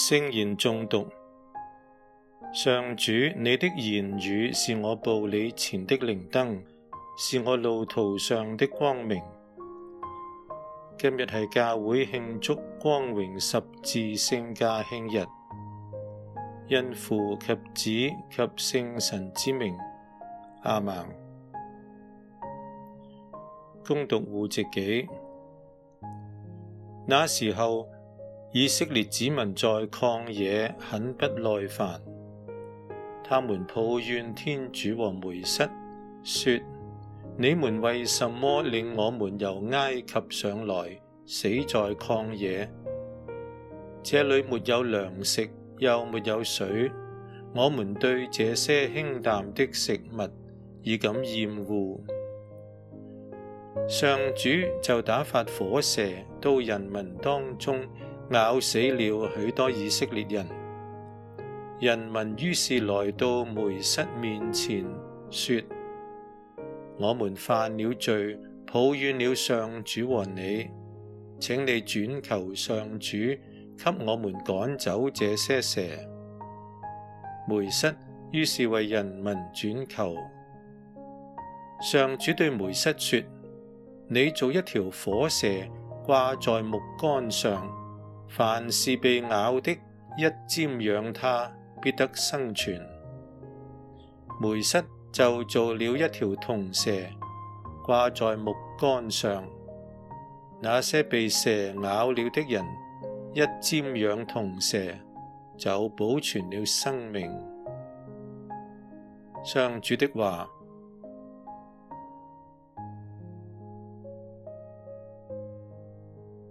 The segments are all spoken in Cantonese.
聖言誦讀。上主，你的言語是我步履前的靈燈，是我路途上的光明。今日係教會慶祝光榮十字聖架慶日，因父及子及聖神之名，阿門。恭讀戶籍紀，那時候。以色列子民在曠野很不耐煩，他們抱怨天主和梅瑟，說：你們為什麼令我們由埃及上來，死在曠野？這裡沒有糧食，又沒有水，我們對這些輕淡的食物已感厭惡。上主就打發火蛇到人民當中。咬死了許多以色列人。人民於是來到梅瑟面前，說：我們犯了罪，抱怨了上主和你，請你轉求上主，給我們趕走這些蛇。梅瑟於是為人民轉求。上主對梅瑟說：你做一條火蛇，掛在木竿上。凡是被咬的，一瞻仰牠，必得生存。梅瑟就做了一條銅蛇，掛在木竿上。那些被蛇咬了的人，一瞻仰銅蛇，就保存了生命。上主的話。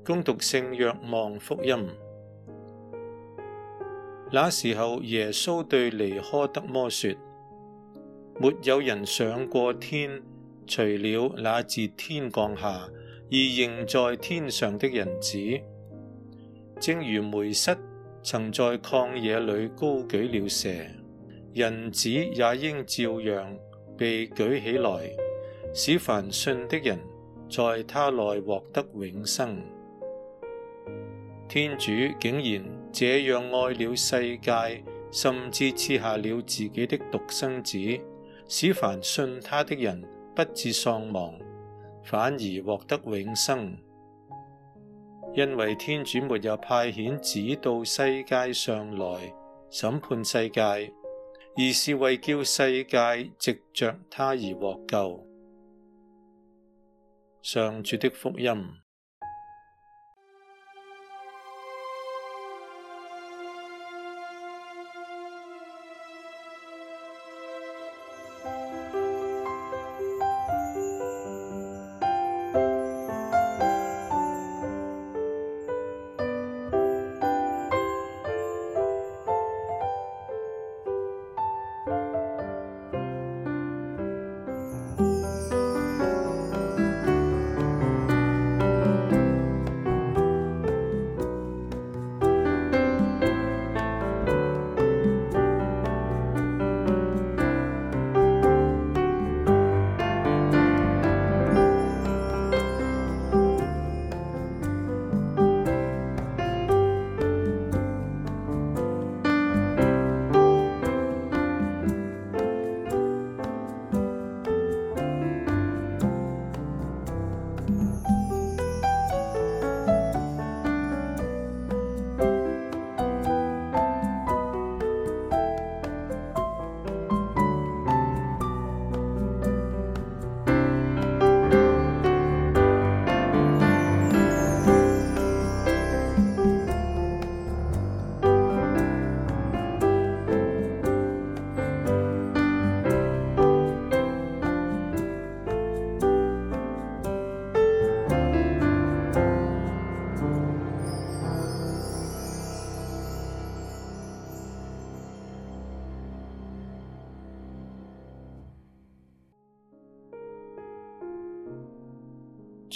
恭讀聖若望福音。那時候，耶穌對尼苛德摩說：沒有人上過天，除了那自天降下，而仍在天上的人子。正如梅瑟曾在曠野裏高舉了蛇，人子也應照樣，被舉起來，使凡信的人，在他內獲得永生。天主竟然這樣愛了世界，甚至賜下了自己的獨生子，使凡信他的人，不至喪亡，反而獲得永生。因為天主沒有派遣子到世界上來審判世界，而是為叫世界藉着他而獲救。上主的福音。